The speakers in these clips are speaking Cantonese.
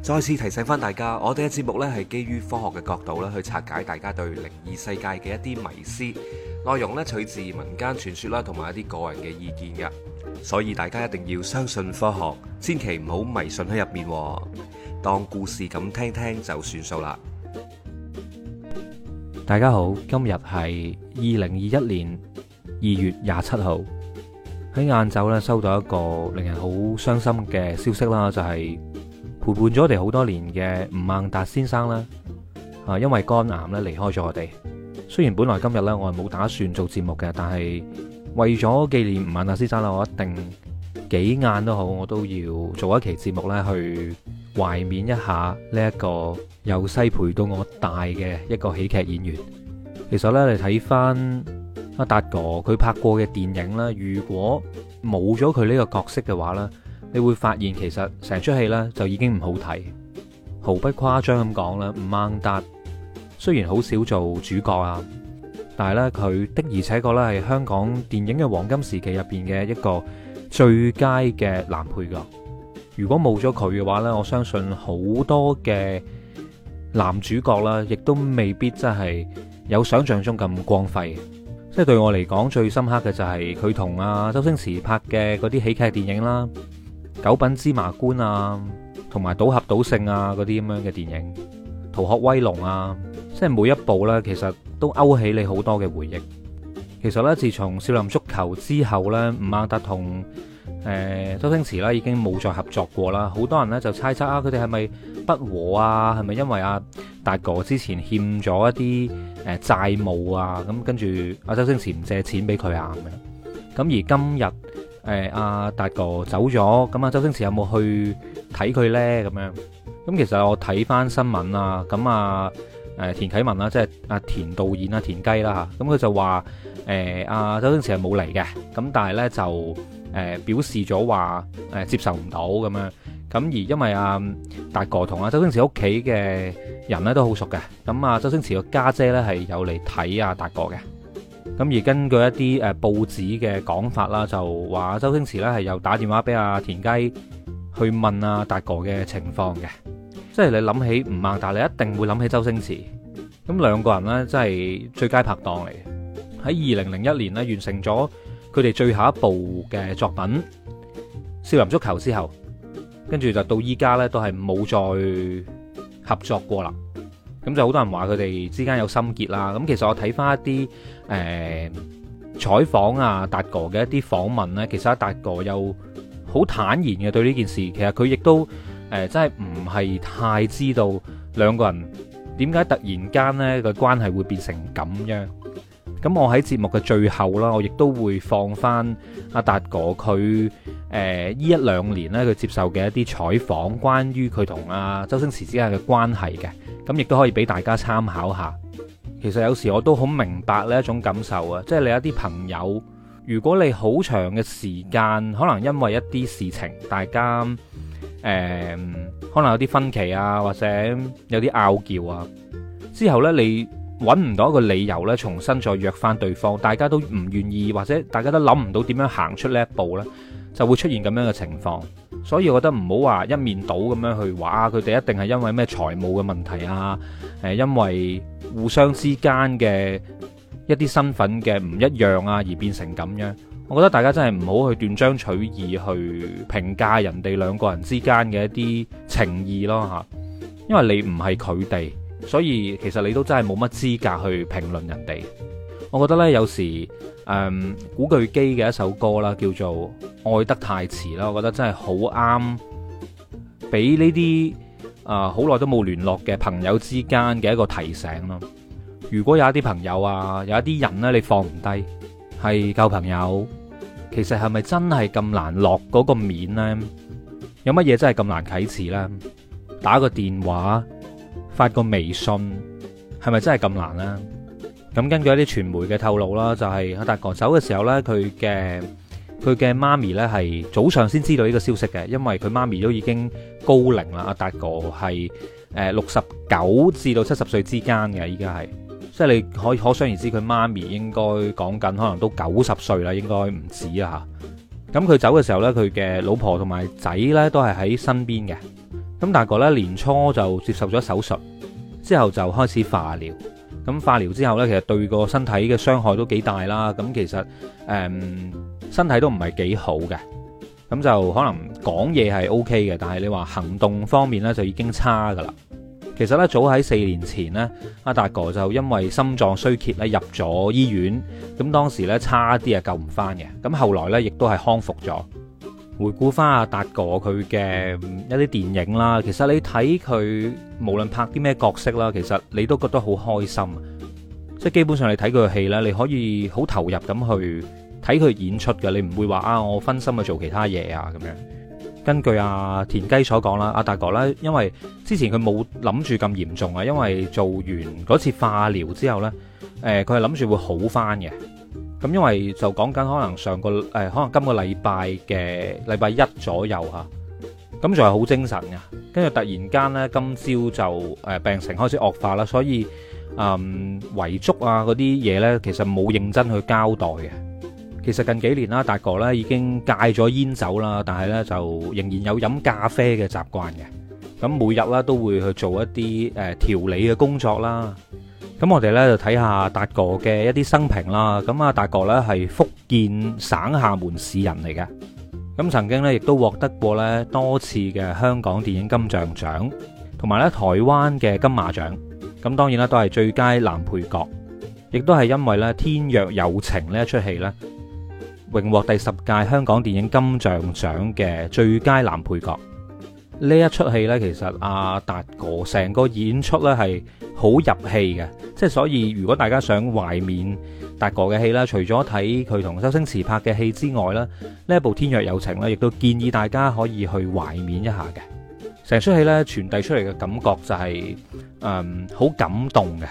再次提醒翻大家，我哋嘅節目咧係基於科學嘅角度咧去拆解大家對靈異世界嘅一啲迷思。內容咧取自民間傳說啦，同埋一啲個人嘅意見嘅，所以大家一定要相信科學，千祈唔好迷信喺入面，當故事咁聽聽就算數啦。大家好，今日係二零二一年二月廿七號，喺晏晝咧收到一個令人好傷心嘅消息啦，就係。陪伴咗我哋好多年嘅吳孟達先生啦，啊，因為肝癌咧離開咗我哋。雖然本來今日咧我係冇打算做節目嘅，但係為咗紀念吳孟達先生啦，我一定幾晏都好，我都要做一期節目咧去懷緬一下呢一個由細陪到我大嘅一個喜劇演員。其實咧你睇翻阿達哥佢拍過嘅電影啦，如果冇咗佢呢個角色嘅話咧。你會發現其實成出戲咧就已經唔好睇，毫不誇張咁講啦。吳孟達，雖然好少做主角啊，但係咧佢的而且確咧係香港電影嘅黃金時期入邊嘅一個最佳嘅男配角。如果冇咗佢嘅話咧，我相信好多嘅男主角啦，亦都未必真係有想象中咁光輝。即係對我嚟講最深刻嘅就係佢同啊周星馳拍嘅嗰啲喜劇電影啦。九品芝麻官啊，同埋賭俠賭聖啊，嗰啲咁樣嘅電影，逃學威龍啊，即係每一部呢，其實都勾起你好多嘅回憶。其實呢，自從少林足球之後呢，吳孟達同誒周星馳咧已經冇再合作過啦。好多人呢，就猜測啊，佢哋係咪不和啊？係咪因為啊，達哥之前欠咗一啲誒債務啊？咁跟住阿、啊、周星馳唔借錢俾佢啊？咁而今日。誒、啊、阿達哥走咗，咁啊周星馳有冇去睇佢咧？咁樣咁其實我睇翻新聞啊，咁啊誒田啟文啦，即係阿田導演啊，田雞啦吓，咁佢就話誒阿周星馳係冇嚟嘅，咁但係咧就誒表示咗話誒接受唔到咁樣，咁而因為阿達哥同阿周星馳屋企嘅人咧都好熟嘅，咁啊周星馳個家姐咧係有嚟睇阿達哥嘅。咁而根據一啲誒報紙嘅講法啦，就話周星馳咧係又打電話俾阿田雞去問阿達哥嘅情況嘅，即係你諗起吳孟達，但你一定會諗起周星馳。咁兩個人呢真係最佳拍檔嚟，喺二零零一年呢完成咗佢哋最後一部嘅作品《少林足球》之後，跟住就到依家呢都係冇再合作過啦。咁就好多人話佢哋之間有心結啦。咁其實我睇翻一啲採訪啊，達哥嘅一啲訪問呢，其實阿達哥又好坦然嘅對呢件事，其實佢亦都真係唔係太知道兩個人點解突然間呢個關係會變成咁樣。咁我喺節目嘅最後啦，我亦都會放翻阿達哥佢。誒、呃，呢一兩年呢，佢接受嘅一啲採訪，關於佢同啊周星馳之間嘅關係嘅，咁，亦都可以俾大家參考下。其實有時我都好明白呢一種感受啊，即係你一啲朋友，如果你好長嘅時間，可能因為一啲事情，大家誒、呃、可能有啲分歧啊，或者有啲拗撬啊，之後呢，你揾唔到一個理由呢，重新再約返對方，大家都唔願意，或者大家都諗唔到點樣行出呢一步呢。就會出現咁樣嘅情況，所以我覺得唔好話一面倒咁樣去話佢哋一定係因為咩財務嘅問題啊，誒，因為互相之間嘅一啲身份嘅唔一樣啊，而變成咁樣。我覺得大家真係唔好去斷章取義去評價人哋兩個人之間嘅一啲情義咯嚇，因為你唔係佢哋，所以其實你都真係冇乜資格去評論人哋。我覺得咧有時，誒、嗯，古巨基嘅一首歌啦，叫做《愛得太遲》啦，我覺得真係好啱俾呢啲啊好耐都冇聯絡嘅朋友之間嘅一個提醒咯。如果有一啲朋友啊，有一啲人咧，啊，你放唔低，係舊朋友，其實係咪真係咁難落嗰個面咧？有乜嘢真係咁難啟齒咧？打個電話，發個微信，係咪真係咁難咧？咁根據一啲傳媒嘅透露啦，就係、是、阿達哥走嘅時候呢，佢嘅佢嘅媽咪呢係早上先知道呢個消息嘅，因為佢媽咪都已經高齡啦。阿達哥係誒六十九至到七十歲之間嘅，依家係，即係你可以可想而知佢媽咪應該講緊可能都九十歲啦，應該唔止啊嚇。咁佢走嘅時候呢，佢嘅老婆同埋仔呢都係喺身邊嘅。咁阿達哥呢，年初就接受咗手術，之後就開始化療。咁化療之後呢，其實對個身體嘅傷害都幾大啦。咁其實、嗯、身體都唔係幾好嘅，咁就可能講嘢係 OK 嘅，但係你話行動方面呢，就已經差㗎啦。其實呢，早喺四年前呢，阿達哥就因為心臟衰竭咧入咗醫院，咁當時呢，差啲啊救唔返嘅，咁後來呢，亦都係康復咗。回顧翻阿達哥佢嘅一啲電影啦，其實你睇佢無論拍啲咩角色啦，其實你都覺得好開心，即係基本上你睇佢嘅戲呢，你可以好投入咁去睇佢演出嘅，你唔會話啊我分心去做其他嘢啊咁樣。根據阿田雞所講啦，阿達哥呢，因為之前佢冇諗住咁嚴重啊，因為做完嗰次化療之後呢，誒佢係諗住會好翻嘅。咁因為就講緊可能上個誒，可能今個禮拜嘅禮拜一左右嚇，咁仲係好精神嘅。跟住突然間呢，今朝就誒病情開始惡化啦，所以嗯遺足囑啊嗰啲嘢呢，其實冇認真去交代嘅。其實近幾年啦，達哥呢已經戒咗煙酒啦，但係呢就仍然有飲咖啡嘅習慣嘅。咁每日呢都會去做一啲誒調理嘅工作啦。咁我哋咧就睇下達哥嘅一啲生平啦。咁阿達哥咧係福建省廈門市人嚟嘅。咁曾經咧亦都獲得過咧多次嘅香港電影金像獎，同埋咧台灣嘅金馬獎。咁當然啦，都係最佳男配角，亦都係因為咧《天若有情》呢一出戲咧，榮獲第十屆香港電影金像獎嘅最佳男配角。呢一齣戲呢，其實阿達哥成個演出呢係好入戲嘅，即係所以如果大家想懷緬達哥嘅戲啦，除咗睇佢同周星馳拍嘅戲之外呢，呢一部《天若有情》呢亦都建議大家可以去懷緬一下嘅。成齣戲呢，傳遞出嚟嘅感覺就係誒好感動嘅，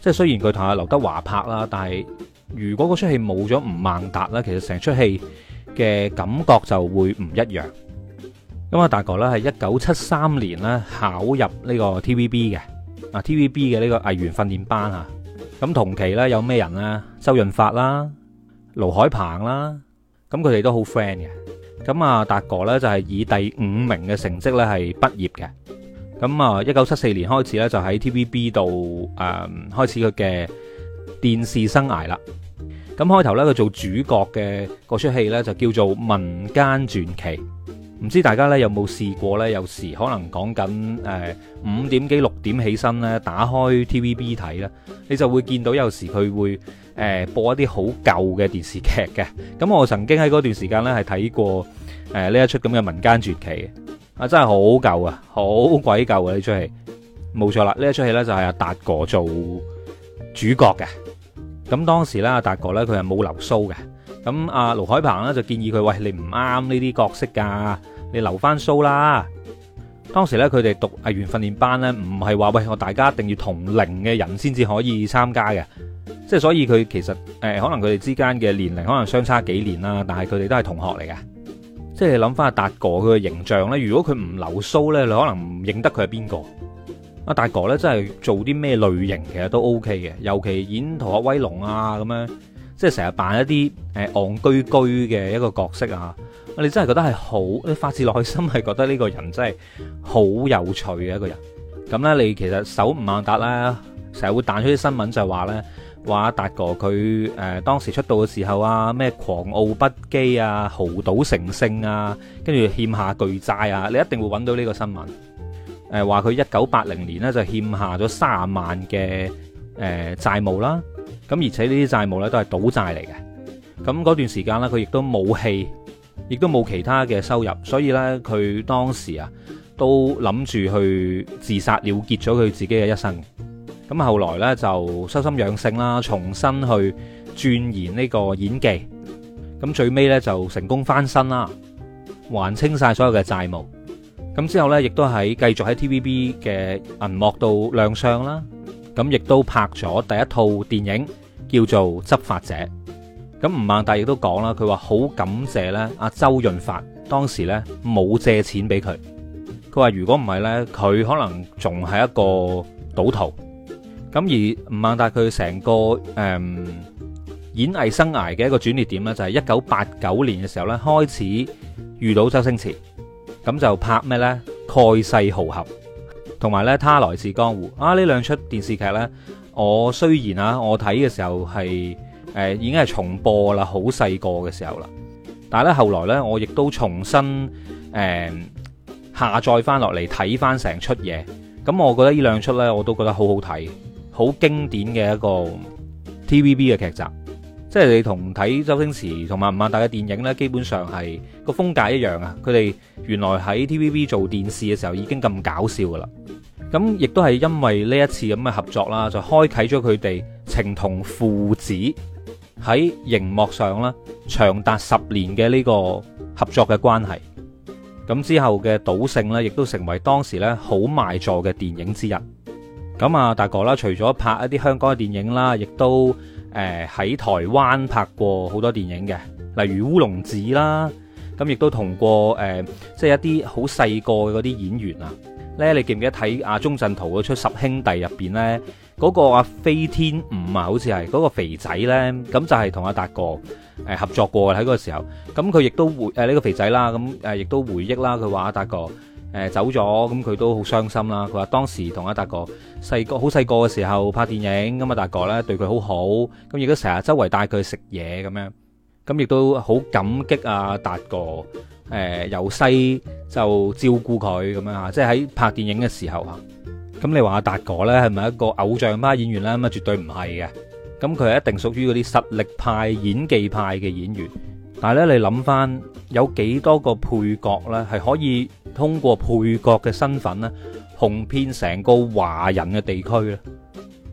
即係雖然佢同阿劉德華拍啦，但係如果嗰齣戲冇咗吳孟達呢，其實成齣戲嘅感覺就會唔一樣。咁啊，達哥咧係一九七三年咧考入呢個 TVB 嘅，啊 TVB 嘅呢個藝員訓練班啊。咁同期咧有咩人啊？周潤發啦，盧海鵬啦，咁佢哋都好 friend 嘅。咁啊，達哥咧就係以第五名嘅成績咧係畢業嘅。咁啊，一九七四年開始咧就喺 TVB 度誒、嗯、開始佢嘅電視生涯啦。咁開頭咧佢做主角嘅嗰出戲咧就叫做《民間傳奇》。唔知大家咧有冇試過呢？有時可能講緊誒五點幾六點起身呢，打開 TVB 睇呢，你就會見到有時佢會誒、呃、播一啲好舊嘅電視劇嘅。咁我曾經喺嗰段時間呢係睇過誒呢、呃、一出咁嘅民間傳奇啊，真係好舊啊，好鬼舊啊！呢出戲冇錯啦，呢一出戲呢就係阿達哥做主角嘅。咁當時呢，阿達哥呢，佢係冇留須嘅。咁阿盧海鵬咧就建議佢：喂，你唔啱呢啲角色㗎，你留翻鬚啦。當時咧佢哋讀藝員訓練班咧，唔係話喂我大家一定要同齡嘅人先至可以參加嘅，即係所以佢其實、呃、可能佢哋之間嘅年齡可能相差幾年啦，但係佢哋都係同學嚟嘅。即係你諗翻阿達哥佢嘅形象咧，如果佢唔留鬚咧，你可能唔認得佢係邊個。阿達哥咧真係做啲咩類型其實都 O K 嘅，尤其演逃學威龍啊咁樣。即係成日扮一啲誒憨居居嘅一個角色啊！你真係覺得係好，你發自內心係覺得呢個人真係好有趣嘅一個人。咁咧，你其實搜吳孟達啦，成日會彈出啲新聞就係話咧，話阿達哥佢誒當時出道嘅時候啊，咩狂傲不羈啊、豪賭成性啊，跟住欠下巨債啊，你一定會揾到呢個新聞。誒話佢一九八零年咧就欠下咗卅萬嘅誒、呃、債務啦。咁而且呢啲債務呢都係賭債嚟嘅，咁嗰段時間呢佢亦都冇戲，亦都冇其他嘅收入，所以呢，佢當時啊都諗住去自殺了結咗佢自己嘅一生。咁後來呢，就修心養性啦，重新去鑽研呢個演技，咁最尾呢，就成功翻身啦，還清晒所有嘅債務。咁之後呢，亦都喺繼續喺 TVB 嘅銀幕度亮相啦。咁亦都拍咗第一套電影叫做《執法者》。咁吳孟達亦都講啦，佢話好感謝咧阿周潤發當時咧冇借錢俾佢。佢話如果唔係咧，佢可能仲係一個賭徒。咁而吳孟達佢成個誒演藝生涯嘅一個轉捩點咧，就係一九八九年嘅時候咧開始遇到周星馳，咁就拍咩咧《蓋世豪俠》。同埋咧，他來自江湖啊！呢兩出電視劇呢，我雖然啊，我睇嘅時候係誒、呃、已經係重播啦，好細個嘅時候啦，但係咧後來呢，我亦都重新誒、呃、下載翻落嚟睇翻成出嘢，咁、嗯、我覺得呢兩出呢，我都覺得好好睇，好經典嘅一個 TVB 嘅劇集。即係你同睇周星馳同埋吳孟達嘅電影呢，基本上係個風格一樣啊！佢哋原來喺 TVB 做電視嘅時候已經咁搞笑噶啦，咁亦都係因為呢一次咁嘅合作啦，就開啟咗佢哋情同父子喺熒幕上啦，長達十年嘅呢個合作嘅關係。咁之後嘅賭聖呢，亦都成為當時呢好賣座嘅電影之一。咁啊，達哥啦，除咗拍一啲香港嘅電影啦，亦都～誒、呃、喺台灣拍過好多電影嘅，例如《烏龍院》啦，咁亦都同過誒、呃，即係一啲好細個嗰啲演員啊。咧，你記唔記得睇阿鍾鎮濤嗰出《十兄弟》入邊咧，嗰、那個阿飛天五啊，好似係嗰個肥仔咧，咁就係同阿達哥誒合作過喺嗰個時候。咁佢亦都會誒呢、呃這個肥仔啦，咁誒亦都回憶啦，佢話阿達哥。誒走咗咁，佢都好傷心啦。佢話當時同阿達哥細個好細個嘅時候拍電影，咁阿達哥呢對佢好好，咁亦都成日周圍帶佢食嘢咁樣，咁亦都好感激啊達哥。誒由細就照顧佢咁樣，即係喺拍電影嘅時候啊。咁你話阿達哥呢係咪一個偶像派演員呢？咁絕對唔係嘅。咁佢一定屬於嗰啲實力派演技派嘅演員。但係咧，你諗翻有幾多個配角咧，係可以通過配角嘅身份咧，紅遍成個華人嘅地區咧？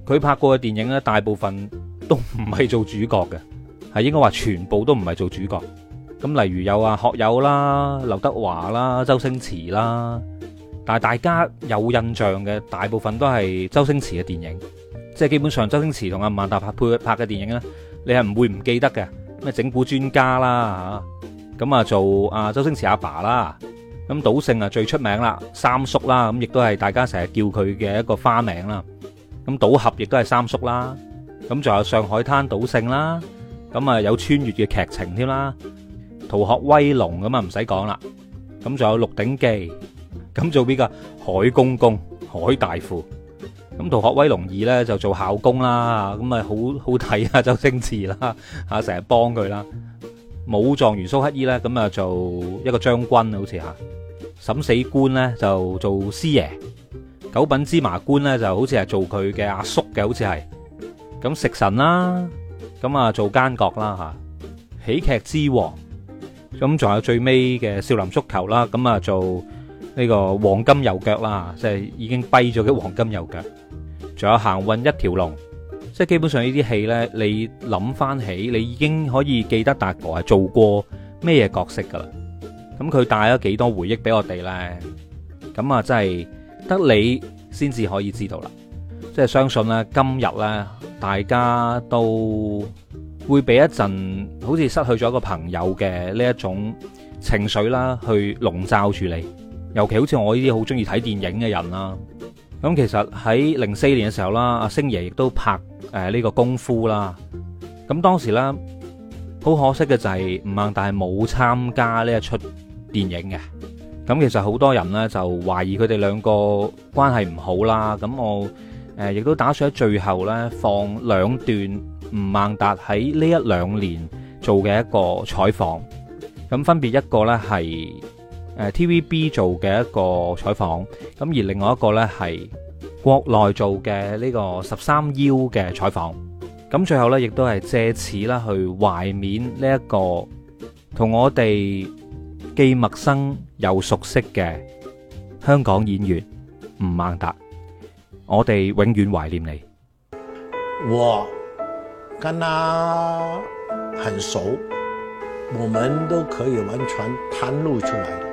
佢拍過嘅電影咧，大部分都唔係做主角嘅，係應該話全部都唔係做主角。咁例如有啊，學友啦、劉德華啦、周星馳啦。但係大家有印象嘅，大部分都係周星馳嘅電影，即係基本上周星馳同阿孟達拍配拍嘅電影咧，你係唔會唔記得嘅。咩整蠱專家啦吓，咁啊做阿周星馳阿爸啦，咁賭聖啊最出名啦，三叔啦，咁亦都係大家成日叫佢嘅一個花名啦。咁賭俠亦都係三叔啦，咁仲有上海灘賭聖啦，咁啊有穿越嘅劇情添啦，《逃學威龍》咁啊唔使講啦，咁仲有《鹿鼎記》，咁做邊個海公公、海大富？咁《逃學威龍二》咧就做校工啦，咁啊好好睇啊周星馳啦，吓成日幫佢啦。武狀元蘇乞兒咧，咁啊做一個將軍啊，好似吓。審死官咧就做師爺，九品芝麻官咧就好似係做佢嘅阿叔嘅，好似係。咁食神啦，咁啊做奸角啦吓。喜劇之王，咁仲有最尾嘅《少林足球》啦，咁啊做呢個黃金右腳啦，即係已經跛咗嘅黃金右腳。仲有行運一條龍，即係基本上呢啲戲呢，你諗翻起，你已經可以記得達哥係做過咩嘢角色噶啦。咁佢帶咗幾多回憶俾我哋呢？咁啊，真係得你先至可以知道啦。即係相信咧，今日呢，大家都會俾一陣好似失去咗個朋友嘅呢一種情緒啦，去籠罩住你。尤其好似我呢啲好中意睇電影嘅人啦、啊。咁其實喺零四年嘅時候啦，阿星爺亦都拍誒呢個功夫啦。咁當時咧，好可惜嘅就係吳孟達係冇參加呢一齣電影嘅。咁其實好多人咧就懷疑佢哋兩個關係唔好啦。咁我誒亦都打算喺最後咧放兩段吳孟達喺呢一兩年做嘅一個採訪。咁分別一個咧係。誒 TVB 做嘅一個採訪，咁而另外一個呢係國內做嘅呢個十三邀嘅採訪，咁最後呢，亦都係借此啦去懷念呢一個同我哋既陌生又熟悉嘅香港演員吳孟達，我哋永遠懷念你。我跟他很熟，我們都可以完全袒露出來的。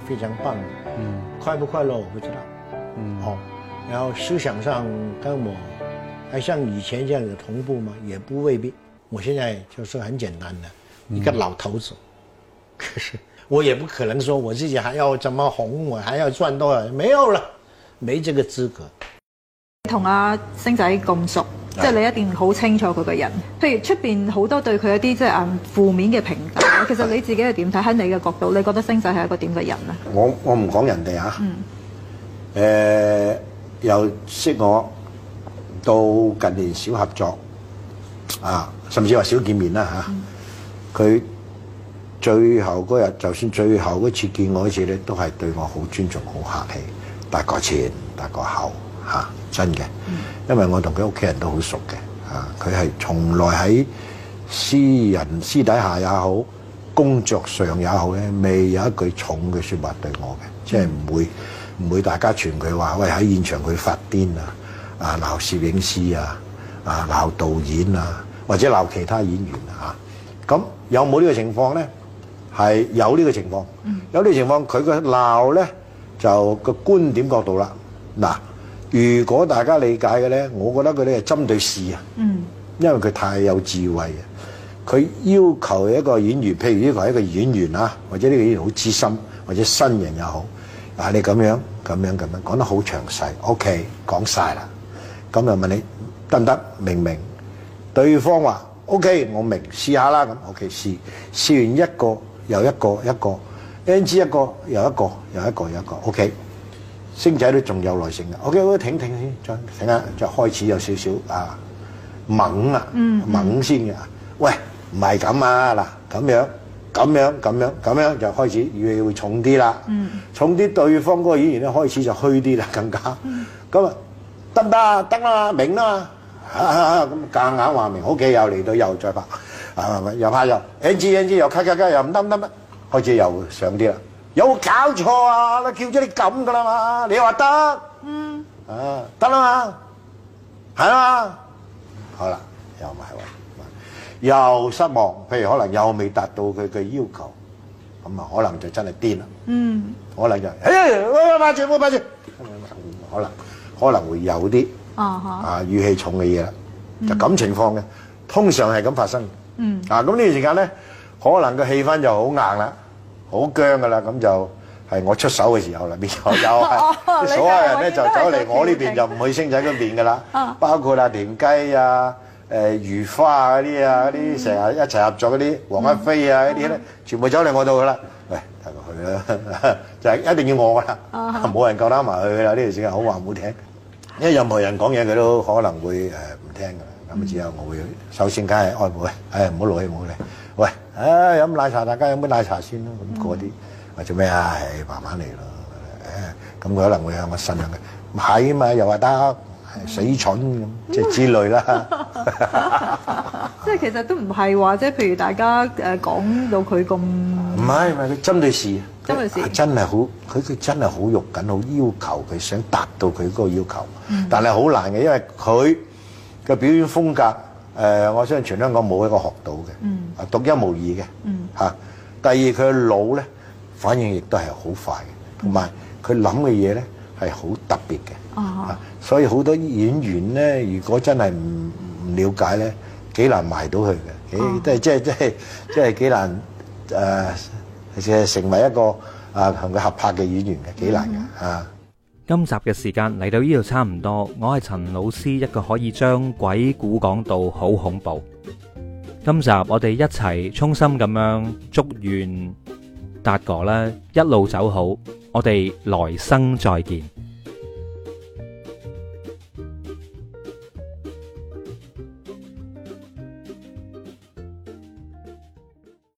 非常棒的，嗯，快不快樂我不知道，嗯，好、哦，然後思想上跟我還像以前這樣子同步嗎？也不未必，我現在就是很簡單的，嗯、一個老頭子，可 是我也不可能說我自己還要怎麼紅，我還要賺多少，沒有了，沒這個資格。同阿、啊、星仔咁熟？即係你一定好清楚佢個人，譬如出邊好多對佢一啲即係啊負面嘅評價，其實你自己係點睇？喺你嘅角度，你覺得星仔係一個點嘅人，人啊？我我唔講人哋啊。誒、呃、由識我到近年少合作啊，甚至話少見面啦嚇。佢、啊嗯、最後嗰日，就算最後嗰次見我嗰次咧，都係對我好尊重、好客氣，大個前、大個後嚇。啊真嘅，因為我同佢屋企人都好熟嘅，啊，佢係從來喺私人私底下也好，工作上也好咧，未有一句重嘅說話對我嘅，即係唔會唔會大家傳佢話，喂喺現場佢發癲啊，啊鬧攝影師啊，啊鬧導演啊，或者鬧其他演員啊，咁有冇呢個情況咧？係有呢個情況，有呢個情況，佢嘅鬧咧就個觀點角度啦，嗱。如果大家理解嘅咧，我覺得佢哋係針對事啊、嗯，因為佢太有智慧啊。佢要求一個演員，譬如要求一個演員啊，或者呢個演員好資深，或者新人又好，嗱你咁樣咁樣咁樣講得好詳細。OK，講晒啦。咁又問你得唔得？明唔明？對方話 OK，我明，試下啦。咁 OK，試試完一個又一個一個，NG 一個又一個又一個又一個。OK。星仔都仲有耐性嘅，OK o 停停，停，停點點、啊啊 uhm, 先，再停下，就開始有少少啊猛啊，猛先嘅。喂，唔係咁啊，嗱咁樣咁樣咁樣咁樣就開始語氣會重啲啦，重啲對方嗰個演員咧開始就虛啲啦，更加。咁啊得唔得啊？得、啊、啦，明、啊、啦，咁、啊、夾、嗯、硬話明。OK，又嚟到又再拍，啊啊、又拍又 NG NG，又咔咔卡又唔得唔得，咩？開始又上啲啦。有冇搞錯啊！都叫咗你咁噶啦嘛，你話得？嗯，啊，得啦嘛，係啊嘛。好啦，又唔係喎，又失望。譬如可能又未達到佢嘅要求，咁啊可能就真係癲啦。嗯，可能就哎，喂喂，拍住，冇拍住。可能可能會有啲啊語氣重嘅嘢啦。就咁情況嘅，通常係咁發生。嗯，啊咁呢段時間咧，可能個氣氛就好硬啦。好僵噶啦，咁就係我出手嘅時候啦，邊度有？即係所有人咧就走嚟我呢邊，就唔去星仔嗰邊噶啦。包括啊田雞啊、誒如花嗰啲啊、嗰啲成日一齊合作嗰啲黃一飛啊嗰啲咧，全部走嚟我度噶啦。喂，行過去啦，就係一定要我噶啦，冇人夠膽埋去噶啦。呢段時間好話唔好聽，因為任何人講嘢佢都可能會誒唔聽噶啦。咁之後我會首先梗係安慰，誒唔好勞氣，唔好嚟，喂。唉，飲奶茶，大家飲杯奶茶先咯。咁嗰啲或者咩啊，係慢慢嚟咯。唉，咁佢可能會有個信任嘅，唔係啊嘛，又話得死蠢咁，即係之類啦。即係其實都唔係話啫，譬如大家誒講到佢咁，唔係唔係，佢針對事，針對事，真係好，佢佢真係好肉緊，好要求佢想達到佢嗰個要求，但係好難嘅，因為佢嘅表演風格。誒、呃，我相信全香港冇一個學到嘅，啊、嗯、獨一無二嘅，嚇、嗯啊。第二佢嘅腦咧反應亦都係好快嘅，同埋佢諗嘅嘢咧係好特別嘅、啊，啊。所以好多演員咧，如果真係唔唔了解咧，幾、嗯、難埋到佢嘅，都係、啊、即係即係即係幾難誒，成、呃、成為一個啊同佢合拍嘅演員嘅，幾難嘅，啊。今集嘅時間嚟到呢度差唔多，我係陳老師，一個可以將鬼故講到好恐怖。今集我哋一齊衷心咁樣祝願達哥咧一路走好，我哋來生再見。